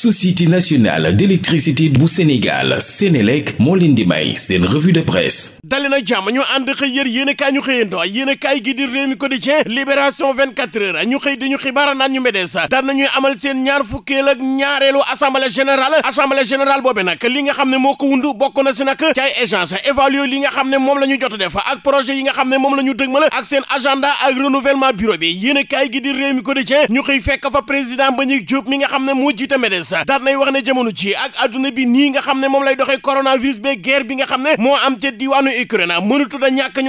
société nationale d'électricité bu Sénégal Sénélec moo leen di may seen revue de presse dali na jàmm ñu ànd xëy yër yéen a kaay ñu xëyandoo yéen a kaay gi di Rewmi Quotidien Libération 24 heures ñu xëy di ñu xibaara naan ñu médees daan nañuy amal seen ñaar fukkeel ak ñaareelu assemblée général assemblée général boobe nag li nga xam ne moo ko bokk na si nag ci ay échange évaluer li nga xam ne moom la ñu jot a def ak projet yi nga xam ne moom la ñu dëgmal ak seen agenda ak renouvellement bureau bi yéen kaay gi di Rewmi Quotidien ñu xëy fekk fa président Mbagnick mi nga xam ne moo jiite médees France daal nay wax ne jamono ji ak adduna bi nii nga xam ne moom lay doxee coronavirus bee guerre bi nga xam ne moo am ca diwaanu Ukraine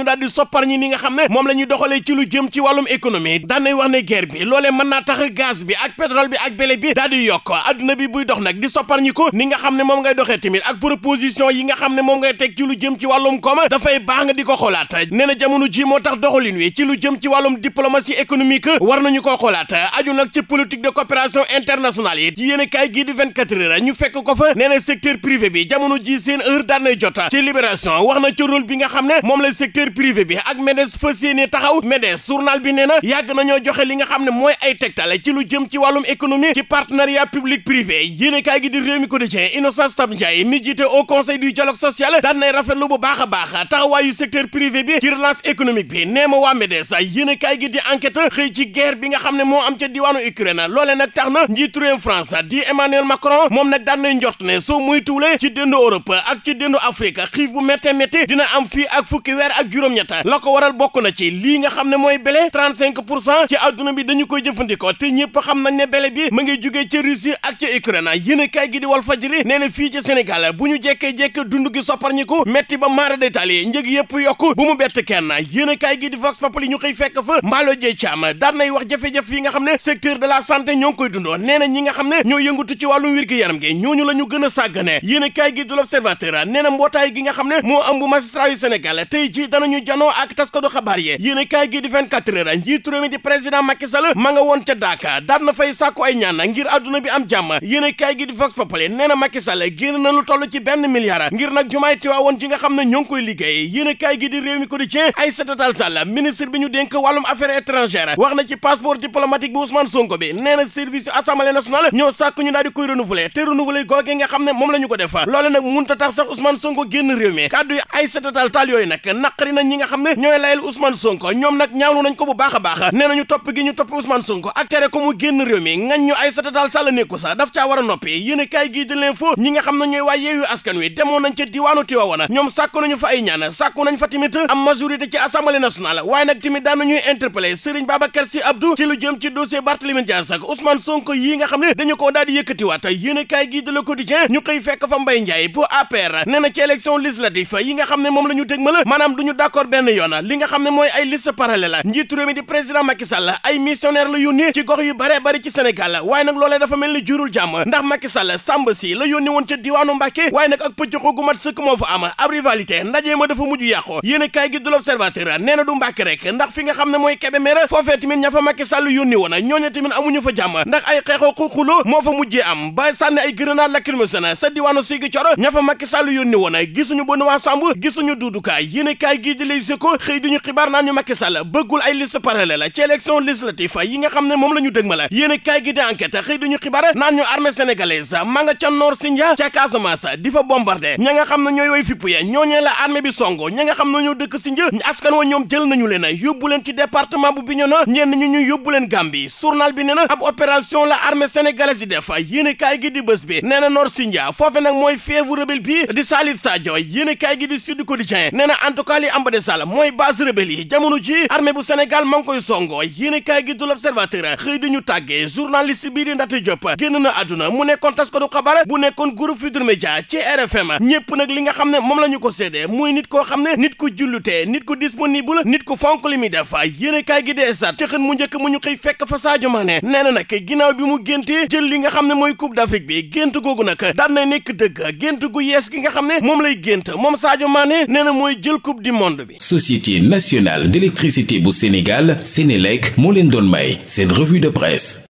daal di soppar ñi ni nga xam la ñuy doxalee lu jëm ci wàllum économie daal nay wax ne guerre dox nag di soppar ñi ni nga xam ne moom ngay doxee tamit ak proposition yi nga xam ne moom ngay teg ci lu jëm ci wàllum koom dafay baax ko xoolaat nee jamono moo tax doxalin wi ci lu jëm ci wàllum diplomatie économique war nañu ko xoolaat aju nag ci politique de coopération internationale yi ci yéen a gii di 24 heures ñu fekk ko fa nee na secteur privé bi jamono ji seen heure daan jot ci libération wax na ci bi nga xam ne moom la secteur privé bi ak MEDES fas yéene taxaw MEDES journal bi nee na yàgg nañoo joxe li nga xam ne mooy ay tegtale ci lu jëm ci wàllum économie ci partenariat public privé yéene gi di réew mi ko dëcee Innocence Tab Ndiaye mi jiite au conseil du dialogue social daan nay rafetlu bu baax a baax taxawaayu secteur privé bi ci relance économique bi nee ma waa MEDES yéene kaay bi nga xam ne moo am ca diwaanu Ukraine Emmanuel Macron moom nag daan nañ njort ne soo muy tuule ci déndu Europe ak ci déndu Afrique xiif bu mettee métti dina am fii ak fukki weer ak juróom-ñetta la ko waral bokk na ci lii nga xam ne mooy bele 35 pour cent ci àdduna bi dañu koy jëfandikoo te ñëpp xam nañ ne bele bi ma ngi jugee ci Russie ak ci Ukraine yéen gi di Walf Fadjri nee na fii ci Sénégal bu ñu jekkee-jekke dund gi ko metti ba maara détaali njëg yëpp yokk bu mu bett kenn yéen kay gi di Vox Populi ñu xëy fekk fa mbaalo jee caam daan nay wax jafe yi nga xam ne secteur de la santé ñoo ngi koy dundoo nee na ñi nga xam ne ñoo yëngatu ci wàllum wér gi yaram gi ñooñu la ñu gën a sàggane yéen a kaay gi du l'observateur nee na mbootaay gi nga xam ne moo am bu magistrat yu Sénégal tey ji danañu janoo ak taskatu xabaar yi yéen a kaay gi di 24 heures njiitu réew mi di président Macky Sall ma nga woon ca Daaka daan na fay sàkku ay ñaan ngir adduna bi am jàmm yéen a kaay gi di Vox Populi nee na Macky Sall génn na lu toll ci benn milliard ngir nag jumaay Tiwaawoon ji nga xam ne ñoo ngi koy liggéey yéen a kaay gi di réew mi quotidien Aïssata Tall Sall ministre bi ñu wax na ci passeport diplomatique bi Ousmane Sonko bi nee na service yu Assemblée nationale ñoo sàkk ñu daal di koy renouveler te renouveler googe nga xam ne moom la ko def loole nag munta tax sax Ousmane Sonko génn réew mi kàddu yi Aïssata Tall nag naqari na ne ñooy layal Ousmane Sonko ñoom nag ñaawlu nañ ko bu baax a baax nee nañu topp gi ñu topp Ousmane Sonko ak tere ko mu génn réew mi ngañ ñu Aïssata Tall Sall nekku sa daf caa war a noppi yéen kaay gii di fo ñi nga xam ne ñooy waa yeewu askan wi demoon nañ ca diwaanu Tiwaawan ñoom sàkku nañu fa ay ñaan sàkku nañ fa tamit am majorité ci ci lu yëkkatiwaat yéenekaay gi de Le Quotidien ñu xëy fekk fa Mbaye Ndiaye bu APR nee na ci élection législative yi nga xam ne moom la ñu dégmal maanaam du ñu d'accord benn yoon li nga xam ne mooy ay liste parallèle njiitu réew di président Macky Sall ay missionnaire la yónni ci gox yu bare bari ci Sénégal waaye nag loolee dafa mel ni jurul jàmm ndax Macky Sall sàmb si la yónni woon ca diwaanu Mbàkke waaye nag ak pëccëxoo gu mat sëkk moo fa am ab am ba sànni ay grenade lacrymogène sa diwaanu Ziguinchor ña fa Macky Sall yónni woon gisuñu Benoît Sambou gisuñu Doudou Ka yéenekaay gii di Les Échos xëy duñu xibaar naan ñu Macky Sall bëggul ay liste parallèle ci élection législative yi nga xam ne moom la ñu dëgmal yéenekaay gi di enquête xëy duñu xibaar naan ñu armée sénégalaise ma nga ca Nord Sindia ca Casamance di fa bombardé ña nga xam ne ñooy way fippu ya ñoo dëkk Sindia askan bi nee waaye yéene kaay gi di bés bi nee na Nor Sindia foofe nag mooy feevu rebelle bi di Salif Sadio yéene gi di Sud Quotidien nee na en tout cas mooy base rebelle yi jamono ji armée bu Sénégal ma ngi koy gi du l'Observateur xëy di tàggee journaliste bii di Ndate Diop génn na àdduna mu nekkoon taskatu xabaar bu nekkoon groupe Futurs Médias ci RFM ñëpp nag li nga xam ne moom la ko séedee muy nit koo xam ne nit ku jullute nit ku disponible nit ku li muy def yéene kaay li ne mooy coupe d'Afrique bi gént googu nag daan na nekk dëgg gént gu yees gi nga xam ne moom lay gént moom Sadio Mané nee na mooy jël coupe du monde bi. Société nationale d'électricité bu Sénégal Sénélec moo leen doon may seen revue de presse.